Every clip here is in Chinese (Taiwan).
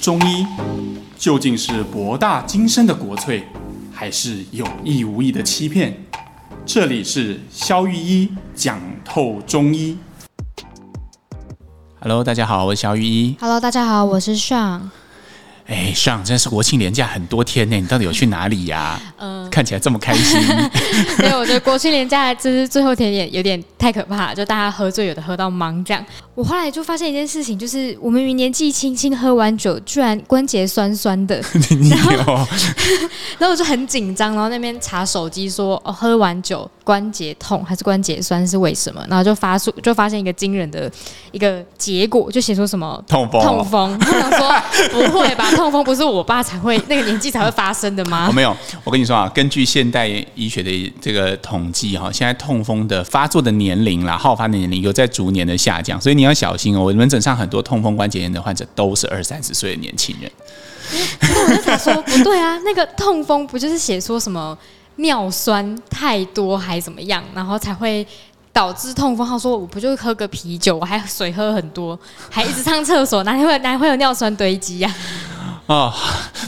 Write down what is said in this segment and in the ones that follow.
中醫究竟是博大精深的國粹，還是有意無意的欺騙？這裡是蕭御醫講透中醫。Hello，大家好，我是蕭御醫。Hello，大家好，我是尚。哎，尚真是國慶連假很多天呢，你到底有去哪裡呀？啊？嗯看起來這麼開心，對， 我覺得國慶連假就是最後一天有點太可怕，就大家喝醉，有的喝到茫。這樣。我後來就發現一件事情，就是我們明年紀輕輕喝完酒，居然關節痠痠的。然後，然後我就很緊張，然後那邊查手機說，哦，喝完酒關節痛還是關節痠是為什麼？然後就發出就發現一個驚人的一個結果，就寫出什麼痛風。痛風，說不會吧？痛風不是我爸才會那個年紀才會發生的嗎？我、哦、沒有，我跟你說啊。根據現代醫學的這個統計，哈，現在痛風的發作的年齡啦，好發的年齡有在逐年的下降，所以你要小心哦。我門診上很多痛風關節炎的患者都是二三十歲的年輕人。嗯、我說不 對啊，那個痛風不就是寫說什麼尿酸太多還怎麼樣，然後才會導致痛風？他說我不就喝個啤酒，我還水喝很多，還一直上廁所，哪裡會，哪裡會有尿酸堆積呀、啊？哦，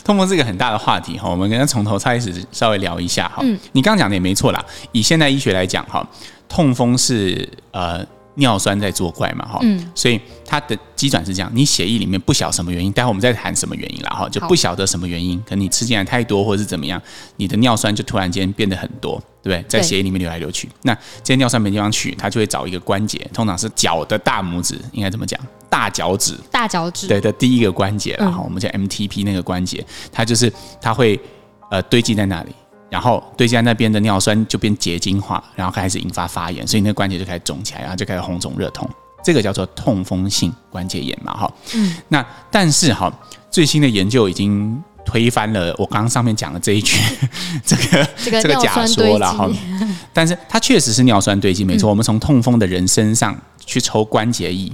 痛風是一個很大的話題哈，我們跟他從頭開始稍微聊一下哈。嗯，你剛剛講的也沒錯啦，以現代醫學來講哈，痛風是呃。尿酸在作怪嘛，哈，所以它的機轉是這樣：你血液裡面不曉得什麼原因，待會我們再談什麼原因了哈，就不曉得什麼原因。可能你吃進來太多或者是怎麼樣，你的尿酸就突然間變得很多，對不對？在血液裡面流來流去，那這些尿酸沒地方去，它就會找一個關節，通常是腳的大拇指，應該怎麼講？大腳趾，大腳趾，對的第一個關節，了哈我們叫 MTP 那個關節，它就是它會呃堆積在那裡。然後堆積在那邊的尿酸就變結晶化，然後開始引發發炎，所以那個關節就開始腫起來，然後就開始紅腫熱痛，這個叫做痛風性關節炎嘛，哈、嗯。那但是哈、哦，最新的研究已經推翻了我剛剛上面講的這一句，這個、這個、這個假說了哈。但是它確實是尿酸堆積，沒錯。嗯、我們從痛風的人身上去抽關節液，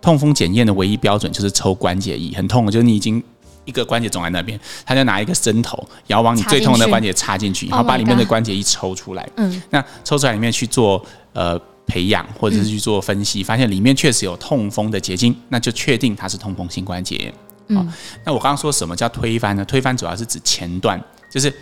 痛風檢驗的唯一標準就是抽關節液，很痛，就是你已經。一個關節腫在那邊，他就拿一個針頭，然後往你最痛的關節插進去，然後把裡面的關節一抽出來。嗯、oh，那抽出來裡面去做呃培養或者是去做分析，嗯、發現裡面確實有痛風的結晶，那就確定它是痛風性關節。嗯、哦，那我剛剛說什麼叫推翻呢？推翻主要是指前段，就是。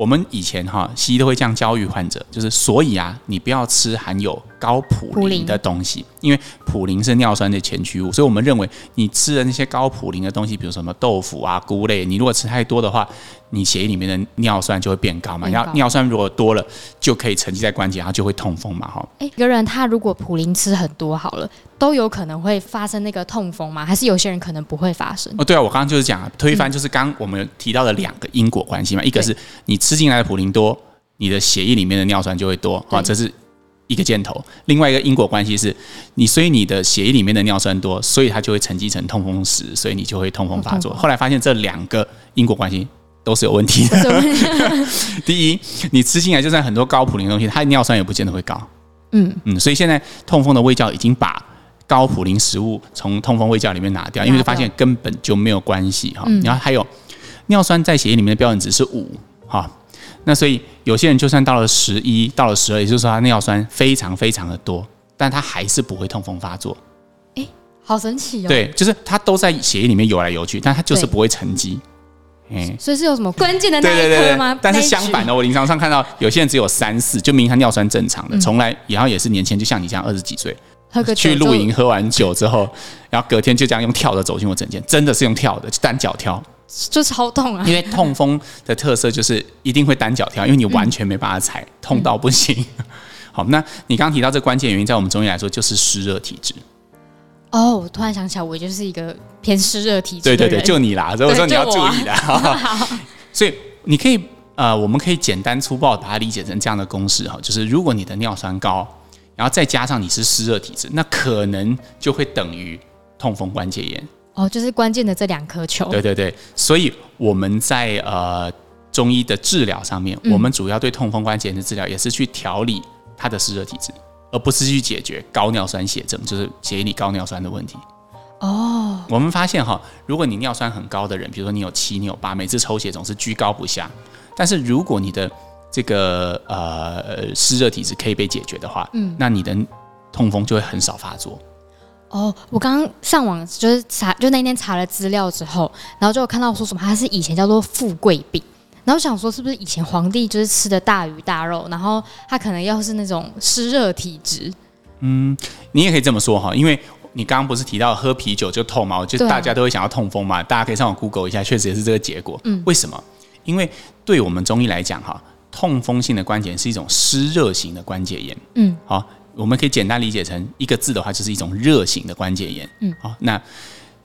我們以前哈，西醫都會這樣教育患者，就是所以啊，你不要吃含有高普林的東西，因為普林是尿酸的前驅物，所以我們認為你吃的那些高普林的東西，比如什麼豆腐啊、菇類，你如果吃太多的話，你血液裡面的尿酸就會變高嘛。然後尿酸如果多了，就可以沉積在關節，然後就會痛風嘛。哈，哎，一個人他如果普林吃很多，好了。都有可能會發生那個痛風嗎？還是有些人可能不會發生？哦，對啊，我剛剛就是講推翻，就是剛我們提到的兩個因果關係嘛。嗯、一個是你吃進來的普林多，你的血液裡面的尿酸就會多啊，對這是一個箭頭。另外一個因果關係是你，你所以你的血液裡面的尿酸多，所以它就會沉積成痛風石，所以你就會痛風發作。風後來發現這兩個因果關係都是有問題的。 第一，你吃進來就算很多高普林的東西，它的尿酸也不見得會高。嗯嗯，所以現在痛風的衛教已經把高普林食物從痛風衛教裡面拿掉，因為就發現根本就沒有關係哈。嗯、然後還有尿酸在血液裡面的標準值是五哈，那所以有些人就算到了十一，到了十二，也就是說他尿酸非常非常的多，但他還是不會痛風發作。誒、欸，好神奇哦！對，就是他都在血液裡面游來游去，但他就是不會沉積。嗯對，欸、所以是有什麼關鍵的那一刻嗎對對對對？但是相反的，我臨床上看到有些人只有三四，4, 就明明他尿酸正常的，從、嗯、來然後也是年輕，就像你這樣二十幾歲。去露營，就 喝完酒之後，然後隔天就這樣用跳的走進我整間，真的是用跳的，單腳跳，就超痛啊！因為痛風的特色就是一定會單腳跳，嗯、因為你完全沒辦法踩，嗯、痛到不行。嗯、好，那你剛提到這關鍵原因，在我們中醫來說就是濕熱體質。哦，我突然想起來，我就是一個偏濕熱體質。對對對，就你啦，所以我說你要注意啦。啊、 好所以你可以呃，我們可以簡單粗暴地把它理解成這樣的公式哈，就是如果你的尿酸高。然後再加上你是濕熱體質，那可能就會等於痛風關節炎哦，就是關鍵的這兩顆球。對對對，所以我們在呃中醫的治療上面，嗯，我們主要對痛風關節炎的治療也是去調理他的濕熱體質，而不是去解決高尿酸血症，就是解你高尿酸的問題。哦，我們發現哈，如果你尿酸很高的人，比如說你有七，你有八，每次抽血總是居高不下，但是如果你的這個呃濕熱體質可以被解決的話，嗯，那你的痛風就會很少發作。哦，我剛剛上網就是查，就那天查了資料之後，然後就有看到說什麼它是以前叫做富貴病，然後想說是不是以前皇帝就是吃的大魚大肉，然後他可能又是那種濕熱體質。嗯，你也可以這麼說哈，因為你剛剛不是提到喝啤酒就痛嘛，就大家都會想要痛風嘛，對大家可以上網 Google 一下，確實也是這個結果。嗯，為什麼？因為對我們中醫來講哈。痛風性的關節炎是一種濕熱型的關節炎。嗯，好，我們可以簡單理解成一個字的話，就是一種熱型的關節炎。嗯，好，那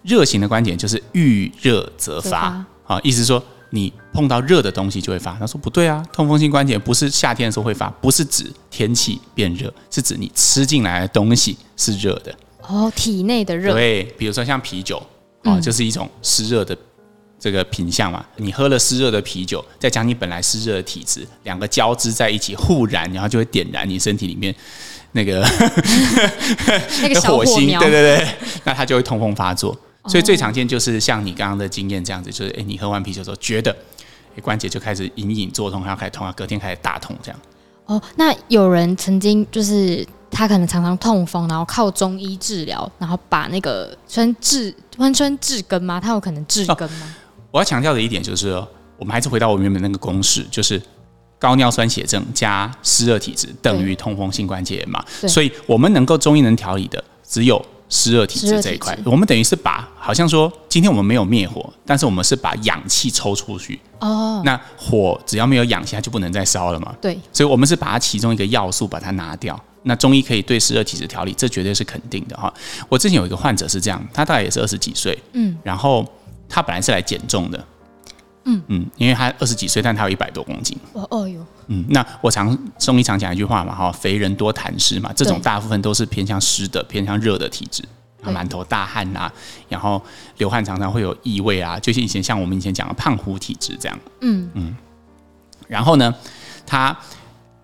熱型的關節就是遇熱則發。啊發，意思是說你碰到熱的東西就會發。他說不對啊，痛風性關節炎不是夏天的時候會發，不是指天氣變熱，是指你吃進來的東西是熱的。哦，體內的熱。對，比如說像啤酒啊、嗯哦，就是一種濕熱的。這個品相嘛，你喝了濕熱的啤酒，再將你本來濕熱的體質，兩個交織在一起互燃，然後就會點燃你身體裡面那個 那個火,火星。對對對， 那它就會痛風發作。所以最常見就是像你剛剛的經驗這樣子，就是哎、欸，你喝完啤酒之後覺得哎、欸、關節就開始隱隱作痛，然後開始痛，隔天開始大痛這樣。哦，那有人曾經就是他可能常常痛風，然後靠中醫治療，然後把那個春治穿春治根嗎？他有可能治根嗎？哦我要強調的一點就是，我們還是回到我原本那個公式，就是高尿酸血症加濕熱體質等於痛風性關節炎嘛。所以，我們能夠中醫能調理的，只有濕熱體質這一塊。我們等於是把，好像說今天我們沒有滅火，但是我們是把氧氣抽出去哦。那火只要沒有氧氣，它就不能再燒了嘛。對，所以我們是把它其中一個要素把它拿掉。那中醫可以對濕熱體質調理，這絕對是肯定的哈。我之前有一個患者是這樣，他大概也是二十幾歲，嗯，然後。他本來是來減重的，嗯嗯，因為他二十幾歲，但他有一百多公斤，哦喲，哦嗯，那我常中醫常講一句話嘛，哈、哦，肥人多痰濕嘛，這種大部分都是偏向濕的，偏向熱的體質，啊對，滿頭大汗啊，然後流汗常常會有異味啊，就是以前像我們以前講的胖虎體質這樣，嗯嗯，然後呢，他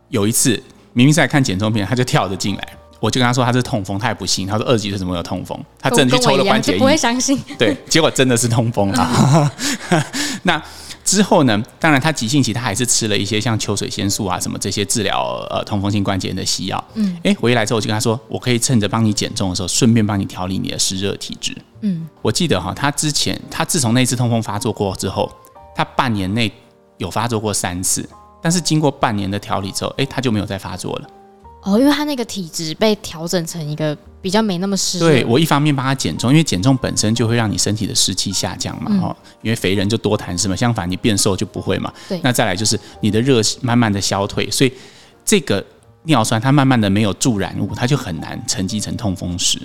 有一次明明是在看減重片，他就跳着進來。我就跟他說他是痛風，他也不信。他說二十幾歲怎麼有痛風？他真的去抽了關節液。我不會相信。對，結果真的是痛風了。 那之後呢？當然，他急性期他還是吃了一些像秋水仙素啊什麼這些治療呃痛風性關節炎的西藥。嗯。哎、欸，我一來之後我就跟他說，我可以趁着幫你減重的時候，順便幫你調理你的濕熱體質。嗯。我記得哈，他之前他自從那次痛風發作過之後，他半年內有發作過三次，但是經過半年的調理之後、欸，他就沒有再發作了。哦，因為他那個體質被調整成一個比較沒那麼濕。對，我一方面幫他減重，因為減重本身就會讓你身體的濕氣下降嘛，哈、嗯，因為肥人就多痰濕嘛。相反你變瘦就不會嘛。對，那再來就是你的熱慢慢的消退，所以這個尿酸它慢慢的沒有助燃物，它就很難沉積成痛風石。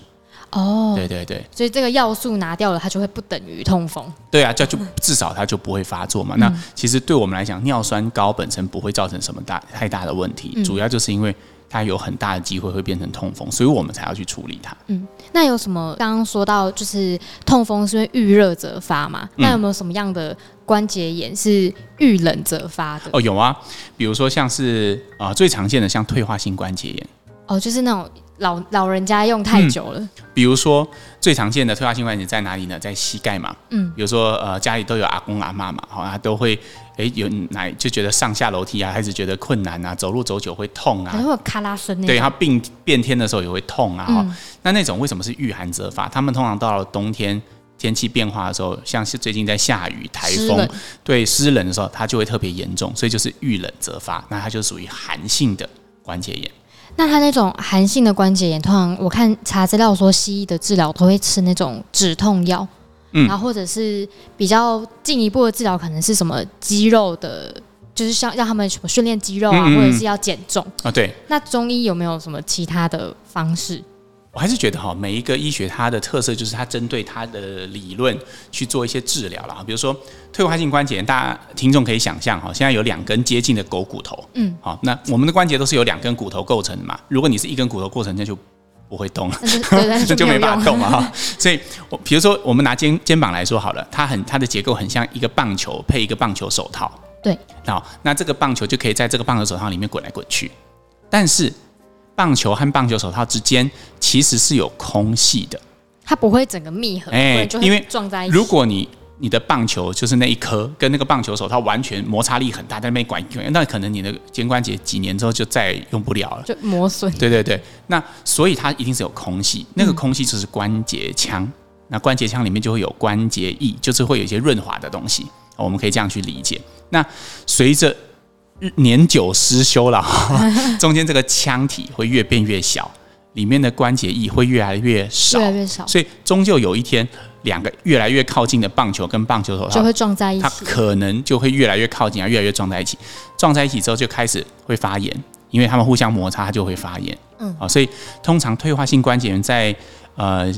哦，對對對，所以這個要素拿掉了，它就會不等於痛風。對啊，這就至少它就不會發作嘛。嗯、那其實對我們來講，尿酸高本身不會造成什麼大太大的問題，嗯、主要就是因為。它有很大的機會會變成痛風，所以我們才要去處理它。嗯，那有什麼？剛剛說到就是痛風是遇熱則發嘛，嗯、那有沒有什麼樣的關節炎是遇冷則發的？哦，有啊，比如說像是啊、呃、最常見的像退化性關節炎，哦，就是那種。老老人家用太久了。嗯、比如說最常見的退化性關節在哪裡呢？在膝蓋嘛。嗯。比如說呃家裡都有阿公阿媽嘛，好像都會哎、欸、有哪就覺得上下樓梯啊還是覺得困難啊，走路走久會痛啊，還會咔啦聲。對，它病變天的時候也會痛啊。嗯、那那種為什麼是遇寒則發？他們通常到了冬天天氣變化的時候，像是最近在下雨、颱風濕冷對，濕冷的時候，它就會特別嚴重，所以就是遇冷則發。那它就屬於寒性的關節炎。那他那種寒性的關節炎，通常我看查資料說，西醫的治療都會吃那種止痛藥，嗯，然後或者是比較進一步的治療，可能是什麼肌肉的，就是像讓他們什麼訓練肌肉啊，嗯嗯或者是要減重啊，對。那中醫有沒有什麼其他的方式？我還是覺得哈，每一個醫學它的特色就是它針對它的理論去做一些治療了哈。比如說退化性關節炎，大家聽眾可以想象哈，現在有兩根接近的狗骨頭，嗯，好，那我們的關節都是由兩根骨頭構成的嘛。如果你是一根骨頭構成，那就不會動了，那 就沒辦法動了。哈。所以，我比如說我們拿肩肩膀來說好了，它很它的結構很像一個棒球配一個棒球手套，對，好，那這個棒球就可以在這個棒球手套裡面滾來滾去，但是。棒球和棒球手套之間其實是有空隙的，它不會整個密合。哎、欸，就因為如果你你的棒球就是那一顆，跟那個棒球手套完全摩擦力很大，但沒管用，那可能你的肩關節幾年之後就再也用不了了，就磨損。對對對，那所以它一定是有空隙，那個空隙就是關節腔，嗯、那關節腔裡面就會有關節異，就是會有一些潤滑的東西，我們可以這樣去理解。那隨着年久失修了， 中間這個腔體會越變越小，裡面的關節液會越來越少，越來越少。所以終究有一天，兩個越來越靠近的棒球跟棒球頭上就會撞在一起，它可能就會越來越靠近，而越來越撞在一起。撞在一起之後就開始會發炎，因為他們互相摩擦，它就會發炎。嗯，好，所以通常退化性關節炎在呃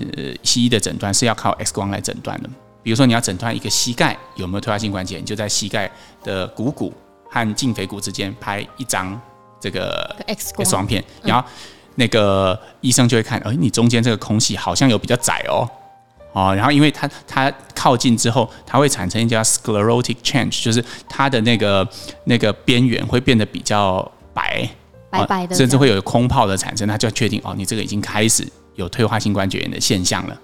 西醫的診斷是要靠 X 光來診斷的。比如說你要診斷一個膝蓋有沒有退化性關節炎，你就在膝蓋的股骨，骨。和脛腓骨之間拍一張這個 X 光片，然後那個醫生就會看，嗯哎、你中間這個空隙好像有比較窄哦，哦，然後因為它它靠近之後，它會產生一叫 sclerotic change，就是它的那個那個邊緣會變得比較白，哦、白白的，甚至會有空泡的產生，它就要確定哦，你這個已經開始有退化性關節炎的現象了，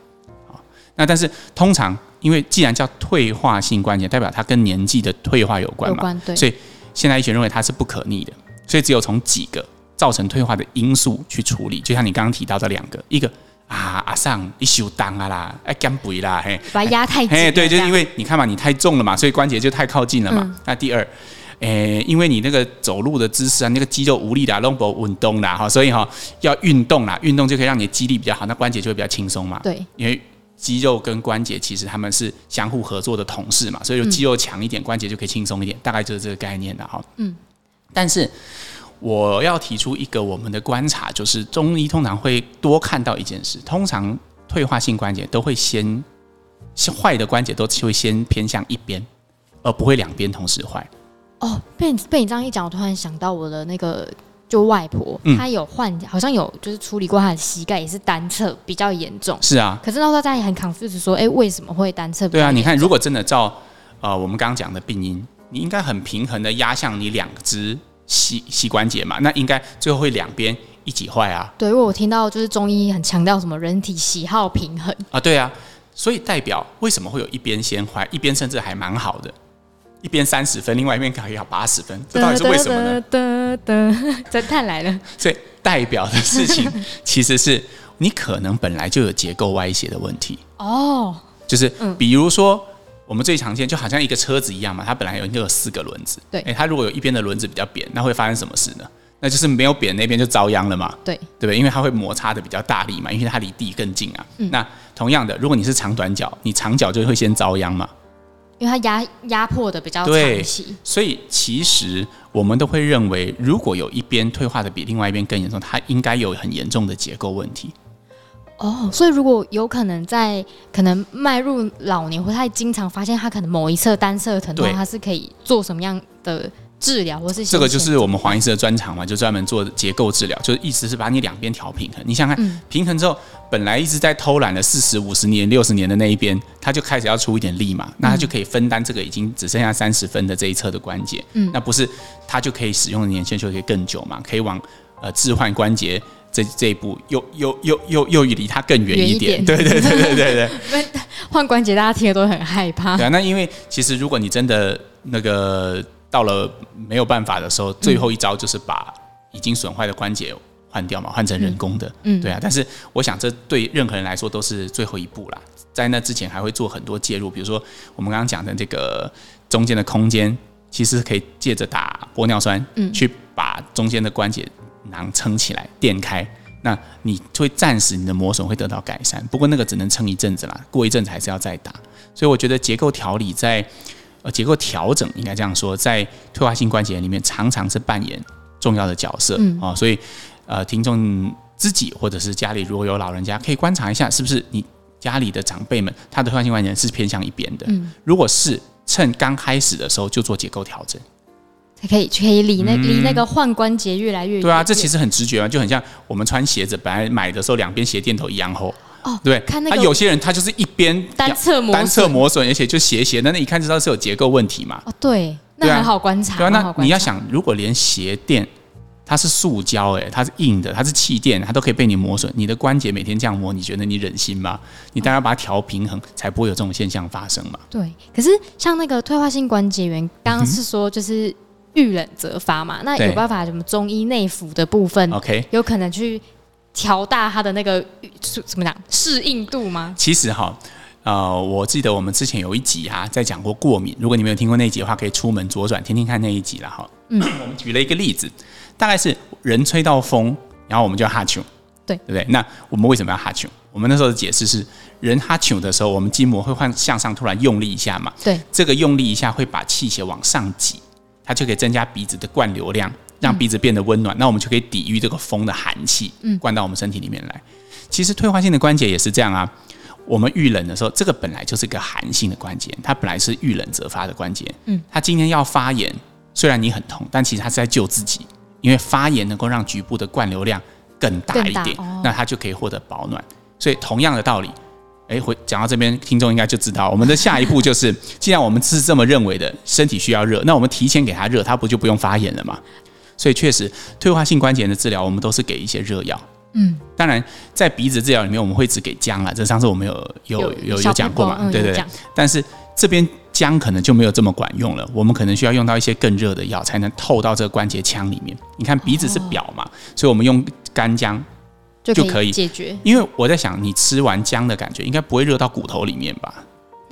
哦、那但是通常因為既然叫退化性關節，代表它跟年紀的退化有關嘛，關所以。現代醫學認為它是不可逆的，所以只有從幾個造成退化的因素去處理。就像你剛剛提到的兩個，一個啊阿上一修當啊啦，哎減肥啦，嘿，把它壓太緊了，嘿，對，就是、因為你看嘛，你太重了嘛，所以關節就太靠近了嘛。嗯、那第二，誒、欸，因為你那個走路的姿勢啊，那個肌肉無力啦、啊，攏不運動啦，哈，所以哈、哦、要運動啦，運動就可以讓你的肌力比較好，那關節就會比較輕鬆嘛。對，因為。肌肉跟關節其實他們是相互合作的同事嘛，所以有肌肉強一點，關節就可以輕鬆一點，嗯，大概就是這個概念的啊哈。嗯，但是我要提出一個我們的觀察，就是中醫通常會多看到一件事，通常退化性關節都會先壞的關節都會先偏向一邊，而不會兩邊同時壞。哦，被你被你這樣一講，我突然想到我的那個。就外婆，嗯、她有患，好像有就是處理過她的膝蓋，也是單側比較嚴重。是啊，可是那時候大家也很 confuse 說，哎，為什麼會單側？對啊，你看，如果真的照呃我們剛剛講的病因，你應該很平衡的壓向你兩隻膝膝關節嘛，那應該最後會兩邊一起壞啊。對，因為我聽到就是中醫很強調什麼人體喜好平衡啊，對啊，所以代表為什麼會有一邊先壞，一邊甚至還蠻好的？一邊三十分，另外一邊考要八十分，這到底是為什麼呢？偵探、呃呃呃呃、來了，所以代表的事情其實是你可能本來就有結構歪斜的問題哦。就是比如說，我們最常見就好像一個車子一樣嘛，它本來應該有四個輪子，對、欸。它如果有一邊的輪子比較扁，那會發生什麼事呢？那就是沒有扁那邊就遭殃了嘛。對，對不對？因為它會摩擦得比較大力嘛，因為它離地更近啊。嗯、那同樣的，如果你是長短腳，你長腳就會先遭殃嘛。因為它壓壓迫的比較長期，所以其實我們都會認為，如果有一邊退化的比另外一邊更嚴重，它應該有很嚴重的結構問題。哦，oh, 所以如果有可能在可能邁入老年，或他經常發現，他可能某一側單側疼痛，對他是可以做什麼樣的？治療這個就是我們黃醫師的專長嘛，就專門做結構治療，就是意思是把你兩邊調平衡。你想看、嗯、平衡之後，本來一直在偷懶了四十五十年、六十年的那一邊，他就開始要出一點力嘛，那他就可以分擔這個已經只剩下三十分的這一側的關節。嗯，那不是他就可以使用的年限就可以更久嘛？可以往呃置換關節這這一步又又又又又離他更遠一點？一點對對對對對對，對。換關節大家聽了都很害怕。對啊，那因為其實如果你真的那個。到了沒有辦法的時候，最後一招就是把已經損壞的關節換掉嘛，換成人工的。嗯，對啊。但是我想，這對任何人來說都是最後一步啦，在那之前，還會做很多介入，比如說我們剛剛講的這個中間的空間，其實可以借着打玻尿酸，嗯，去把中間的關節囊撐起來、墊開。那你會暫時你的磨損會得到改善，不過那個只能撐一陣子啦，過一陣子還是要再打。所以我覺得結構調理在。呃，而結構調整應該這樣說，在退化性關節裡面常常是扮演重要的角色啊、嗯哦，所以呃，聽眾自己或者是家裡如果有老人家，可以觀察一下，是不是你家裡的長輩們他的退化性關節是偏向一邊的，嗯、如果是，趁剛開始的時候就做結構調整，才可以可以離那離、嗯、那個換關節越來越遠。對啊，這其實很直覺啊，就很像我們穿鞋子，本來買的時候兩邊鞋墊都一樣厚。哦，對，他、那個啊、有些人他就是一邊單側單側磨損，而且就斜斜。那，那一看就知道是有結構問題嘛。哦，對，那很好觀察。對、啊察對啊、那你要想，如果連鞋墊它是塑膠、欸，哎，它是硬的，它是氣墊，它都可以被你磨損。你的關節每天這樣磨，你覺得你忍心嗎？你當然要把它調平衡，哦，才不會有這種現象發生嘛。對，可是像那個退化性關節炎，剛剛是說就是遇冷則發嘛，嗯、那有辦法？什麼中醫內服的部分？OK，對有可能去。調大它的那個，怎麼講適應度嗎？其實哈，呃，我記得我們之前有一集哈、啊，在講過過敏。如果你沒有聽過那一集的話，可以出門左轉聽聽看那一集了哈。嗯，我們舉了一個例子，大概是人吹到風，然後我們就哈秋對，對對不對？那我們為什麼要哈秋？我們那時候的解釋是，人哈秋的時候，我們筋膜會換向上突然用力一下嘛？對，這個用力一下會把氣血往上擠，它就可以增加鼻子的灌流量。讓鼻子變得溫暖，嗯、那我們就可以抵禦這個風的寒氣、嗯、灌到我們身體裡面來。其實退化性的關節也是這樣啊。我們遇冷的時候，這個本來就是一個寒性的關節，它本來是遇冷則發的關節。嗯，它今天要發炎，雖然你很痛，但其實它是在救自己，因為發炎能夠讓局部的灌流量更大一點，哦、那它就可以獲得保暖。所以同樣的道理，誒，回講到這邊，聽眾應該就知道我們的下一步就是， 既然我們是這麼認為的，身體需要熱，那我們提前給它熱，它不就不用發炎了嗎？所以確實，退化性關節炎的治療，我們都是給一些熱藥。嗯，當然，在鼻子治療裡面，我們會只給薑啦。這上次我們有有有有，有講過嘛？嗯、對，對對。講但是這邊薑可能就沒有這麼管用了，我們可能需要用到一些更熱的藥，才能透到這個關節腔裡面。你看鼻子是表嘛，哦、所以我們用乾薑就可以，就可以解決。因為我在想，你吃完薑的感覺，應該不會熱到骨頭裡面吧？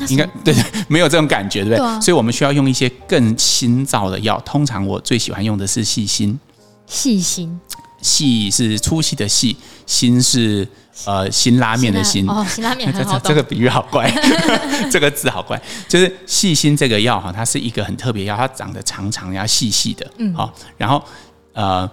應該對對，沒有這種感覺，對不對？對啊，所以我們需要用一些更新造的藥。通常，我最喜歡用的是細辛，細辛，細是粗細的細，辛是呃拉麵辛拉麵的辛。哦，辛拉麵很好懂、 這個、這個比喻好怪， 這個字好怪。就是細辛這個藥哈，它是一個很特別藥，它長得長長呀，細細的。嗯，好。然後呃，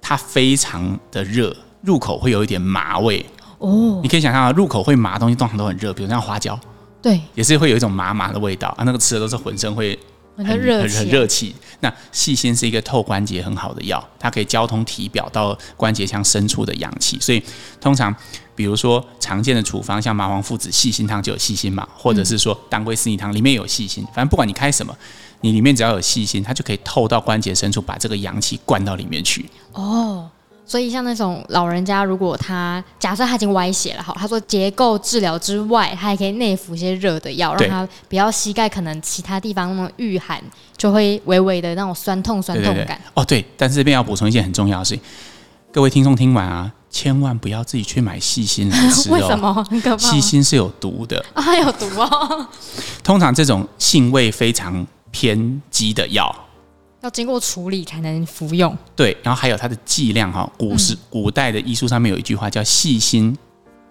它非常的熱，入口會有一點麻味。哦，你可以想象入口會麻東西通常都很熱，比如像花椒。對，也是會有一種麻麻的味道啊！那個吃的都是渾身會很熱、很熱氣。那細辛是一個透關節很好的藥，它可以交通體表到關節腔深處的陽氣。所以通常，比如說常見的處方，像麻黃附子細辛湯就有細辛嘛，或者是說、嗯、當歸四逆湯裡面有細辛。反正不管你開什麼，你裡面只要有細辛，它就可以透到關節深處，把這個陽氣灌到裡面去。哦。所以，像那種老人家，如果他假設他已經歪斜了，好，他說結構治療，之外，他還可以內服一些熱的藥，對讓他不要膝蓋可能其他地方那麼遇寒就會微微的那種酸痛、酸痛感對對對。哦，對，但是這邊要補充一件很重要的事情，各位聽眾聽完啊，千萬不要自己去買細辛來吃哦。為什麼？細辛是有毒的啊，有毒哦。通常這種性味非常偏激的藥。要經過處理才能服用。對，然後還有它的劑量哈。古時、嗯、古代的醫書上面有一句話叫“細辛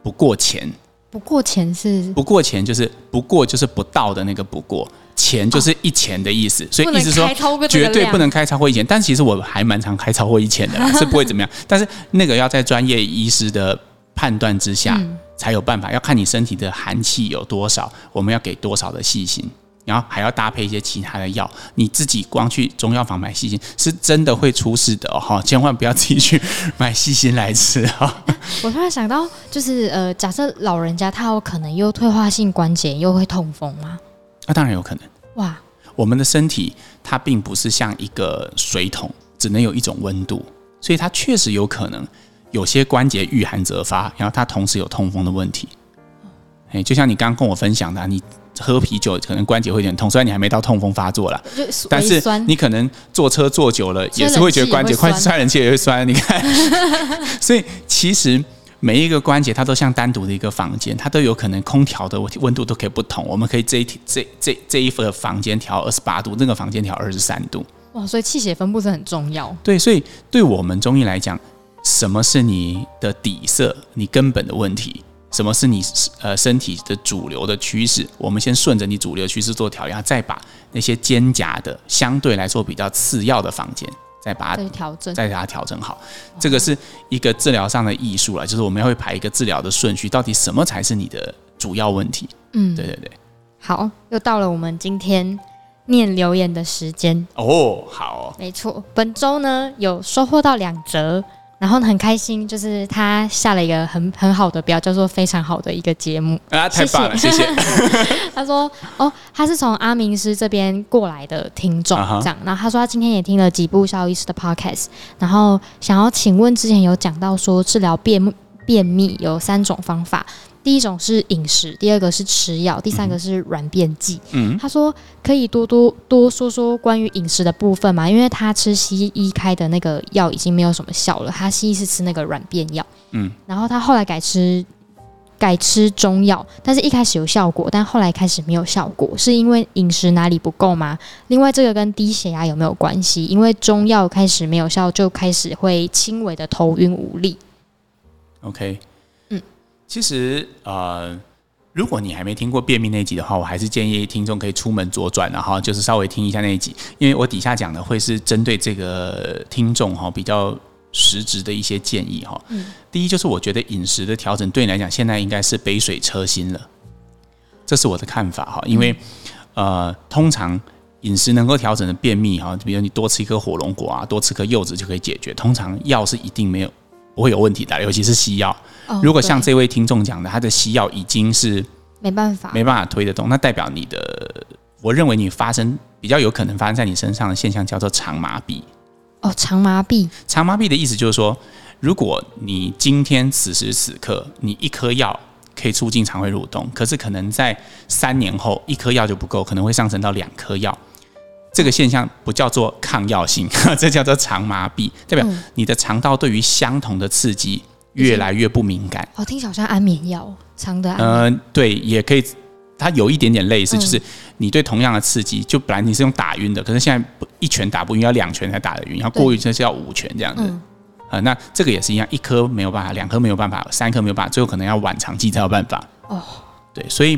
不過錢”。不過錢是？不過錢就是不過就是不到的那個不過，錢就是一錢的意思。哦、所以意思是說絕對不能開超過一錢，但其實我還蠻常開超過一錢的啦，是不會怎麼樣。 但是那個要在專業醫師的判斷之下、嗯、才有辦法，要看你身體的寒氣有多少，我們要給多少的細辛。然後還要搭配一些其他的藥，你自己光去中藥房買細辛是真的會出事的哈、哦！千萬不要自己去買細辛來吃哈。我突然想到，就是呃，假設老人家他有可能又退化性關節，又會痛風嗎？那、啊、當然有可能哇！我們的身體它並不是像一個水桶，只能有一種溫度，所以它確實有可能有些關節遇寒則發，然後它同時有痛風的問題。哎、哦欸，就像你剛剛跟我分享的、啊，你。喝啤酒可能關節會有點痛，雖然你還沒到痛風發作了，但是你可能坐車坐久了也是會覺得關節快，節酸，冷氣也會酸。你看， 所以其實每一個關節它都像單獨的一個房間，它都有可能空調的溫溫度都可以不同。我們可以這一這這這一個房間調二十八度，那個房間調二十三度。哇，所以氣血分布是很重要。對，所以對我們中醫來講，什麼是你的底色，你根本的問題？什麼是你呃身體的主流的趨勢？我們先順着你主流趨勢做調壓，再把那些肩胛的相對來說比較次要的房間，再把它調整，再把它調整好。哇這個是一個治療上的藝術了，就是我們會排一個治療的順序，到底什麼才是你的主要問題？嗯，對對對。好，又到了我們今天念留言的時間哦。好哦，沒錯，本周呢有收穫到兩則。然後呢很開心，就是他下了一個很很好的標，叫做非常好的一個節目啊，太棒了！謝謝。 他說：“哦，他是從阿明師這邊過來的聽眾，啊、哈這樣。然後他說他今天也聽了幾部蕭醫師的 podcast，然後想要請問，之前有講到說治療便便秘有三種方法。”第一種是飲食，第二個是吃藥，第三個是軟便劑。嗯，他說可以多多多說說關於飲食的部分嗎？因為他吃西醫開的那個藥已經沒有什麼效了，他西醫是吃那個軟便藥。嗯，然後他後來改吃改吃中藥，但是一開始有效果，但後來開始沒有效果，是因為飲食哪裡不夠嗎？另外，這個跟低血壓有沒有關係？因為中藥開始沒有效，就開始會輕微的頭暈無力。OK。其實，呃，如果你還沒聽過便祕那一集的話，我還是建議聽眾可以出門左轉，然後就是稍微聽一下那一集，因為我底下講的會是針對這個聽眾哈比較實質的一些建議哈。嗯。第一就是我覺得飲食的調整對你來講，現在應該是杯水車薪了，這是我的看法哈。因為，呃，通常飲食能夠調整的便祕哈，比如你多吃一顆火龍果啊，多吃顆柚子就可以解決。通常藥是一定沒有不會有問題的，尤其是西藥。如果像這位聽眾講的，他的西藥已經是沒辦法沒辦法推得動，那代表你的，我認為你發生比較有可能發生在你身上的現象叫做腸麻痹。哦，腸麻痹。腸麻痹的意思就是說，如果你今天此時此刻你一顆藥可以促進腸胃蠕動，可是可能在三年後一顆藥就不夠，可能會上升到兩顆藥。這個現象不叫做抗藥性，呵呵，這叫做腸麻痹，代表你的腸道對於相同的刺激。越來越不敏感哦，聽起來好像安眠藥長的安,安。嗯、呃，對，也可以，它有一點點類似，嗯、就是你對同樣的刺激，就本來你是用打暈的，可是現在不一拳打不暈，要兩拳才打得暈，要過於就是要五拳這樣子啊對、嗯呃。那這個也是一樣，一顆沒有辦法，兩顆沒有辦法，三顆沒有辦法，最後可能要晚長期才有辦法哦。對，所以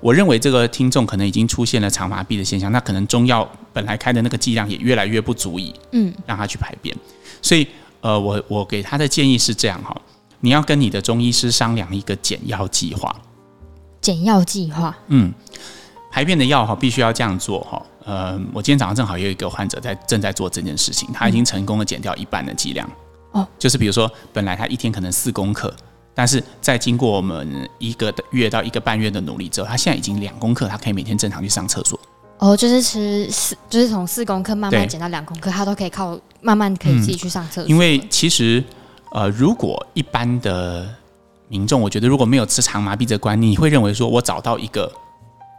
我認為這個聽眾可能已經出現了腸麻痹的現象，那可能中藥本來開的那個劑量也越來越不足以，嗯，讓他去排便，所以。呃，我我給他的建議是這樣哈，你要跟你的中醫師商量一個減藥計劃。減藥計劃，嗯，排便的藥哈，必須要這樣做哈。呃，我今天早上正好有一個患者，在正在做這件事情，他已經成功的減掉一半的劑量。哦、嗯，就是比如說，本來他一天可能四公克，但是在經過我們一個月到一個半月的努力之後，他現在已經兩公克，他可以每天正常去上廁所。哦，就是吃四，就是從四公克慢慢減到兩公克，對它都可以靠慢慢可以自己去上廁所，嗯。因為其實，呃，如果一般的民眾，我覺得如果沒有吃腸麻痹這關，你會認為說，我找到一個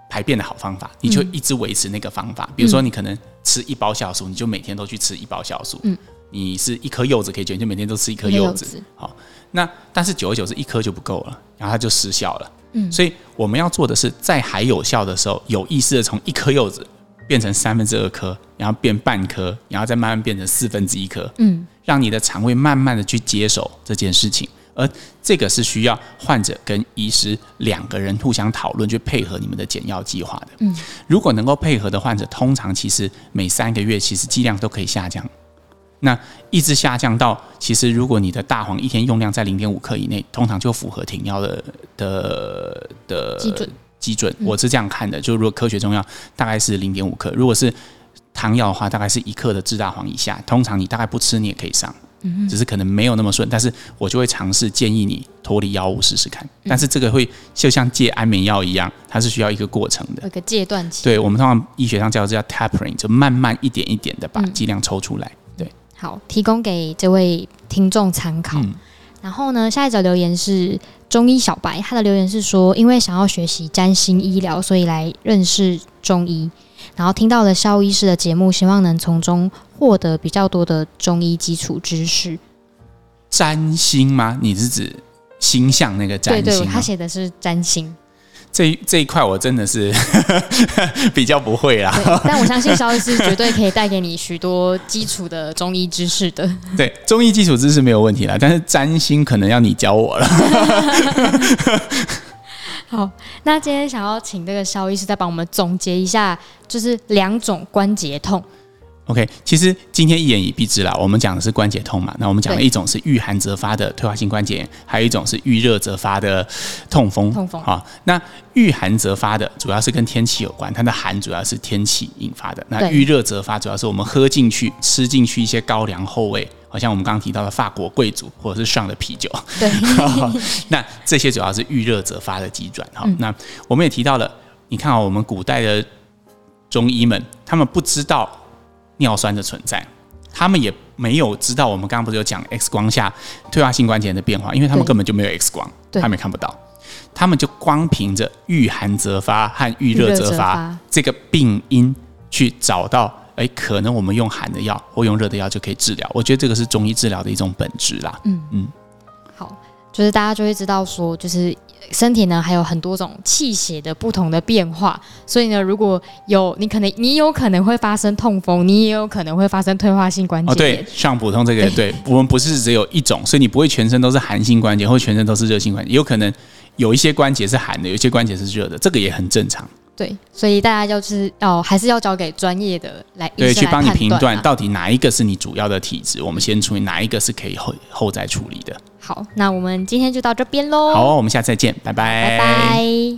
排便的好方法，你就一直維持那個方法。嗯、比如說，你可能吃一包酵素，你就每天都去吃一包酵素。嗯，你是一顆柚子可以減，你就每天都吃一顆柚子。柚子好，那但是久而久之，一顆就不夠了，然後它就失效了。所以我們要做的是，在還有效的時候，有意識的從一顆柚子變成三分之二顆，然後變半顆，然後再慢慢變成四分之一顆。嗯，讓你的腸胃慢慢的去接受這件事情。而這個是需要患者跟醫師兩個人互相討論，去配合你們的減藥計劃的。嗯，如果能夠配合的患者，通常其實每三個月其實劑量都可以下降。那一直下降到，其實如果你的大黃一天用量在零點五克以內，通常就符合停藥的的的，的基準基準。我是這樣看的，嗯、就如果科學中藥大概是零點五克，如果是湯藥的話，大概是一克的炙大黃以下。通常你大概不吃你也可以上，嗯、哼只是可能沒有那麼順。但是我就會嘗試建議你脫離藥物試試看。嗯、但是這個會就像戒安眠藥一樣，它是需要一個過程的，有一個階段期。對，我們通常醫學上叫做叫 tapering，就慢慢一點一點的把劑量抽出來。嗯好，提供給這位聽眾參考。嗯。然後呢，下一則留言是中醫小白，他的留言是說，因為想要學習占星醫療，所以來認識中醫，然後聽到了蕭醫師的節目，希望能從中獲得比較多的中醫基礎知識。占星嗎？你是指星象那個占星？對對對，他寫的是占星。這這一塊我真的是 比較不會啦，但我相信蕭醫師絕對可以帶給你許多基礎的中醫知識的。對，中醫基礎知識沒有問題啦，但是占星可能要你教我了。 好，那今天想要請這個蕭醫師再幫我們總結一下，就是兩種關節痛。OK，其實今天一言以蔽之了，我們講的是關節痛嘛。那我們講了一種是遇寒則發的退化性關節炎，還有一種是遇熱則發的痛風。痛風啊、哦，那遇寒則發的主要是跟天氣有關，它的寒主要是天氣引發的。那遇熱對則發主要是我們喝進去、吃進去一些膏粱厚味，好像我們剛剛提到的法國貴族或者是上的啤酒。對、 哦，那這些主要是遇熱則發的急轉哈。哦嗯、那我們也提到了，你看啊，我們古代的中醫們，他們不知道。尿酸的存在，他們也沒有知道。我們剛剛不是有講 X 光下，退化性關節炎的變化，因為他們根本就沒有 X 光，對他們也看不到。對他們就光憑着遇寒則發和遇熱則發，發這個病因去找到，哎、欸，可能我們用寒的藥或用熱的藥就可以治療。我覺得這個是中醫治療的一種本質啦。嗯嗯。嗯就是大家就會知道說，就是身體呢還有很多種氣血的不同的變化，所以呢，如果有你可能你有可能會發生痛風，你也有可能會發生退化性關節炎。哦，對，對，像普通這個，對，對我們不是只有一種，所以你不會全身都是寒性關節，或全身都是熱性關節，有可能有一些關節是寒的，有一些關節是熱的，這個也很正常。對，所以大家就是哦，還是要交給專業的來，來、啊、對去幫你評斷，到底哪一個是你主要的體質，我們先處理哪一個是可以後後再處理的。好，那我們今天就到這邊嘍。好啊，我們下次再見，拜拜。拜拜。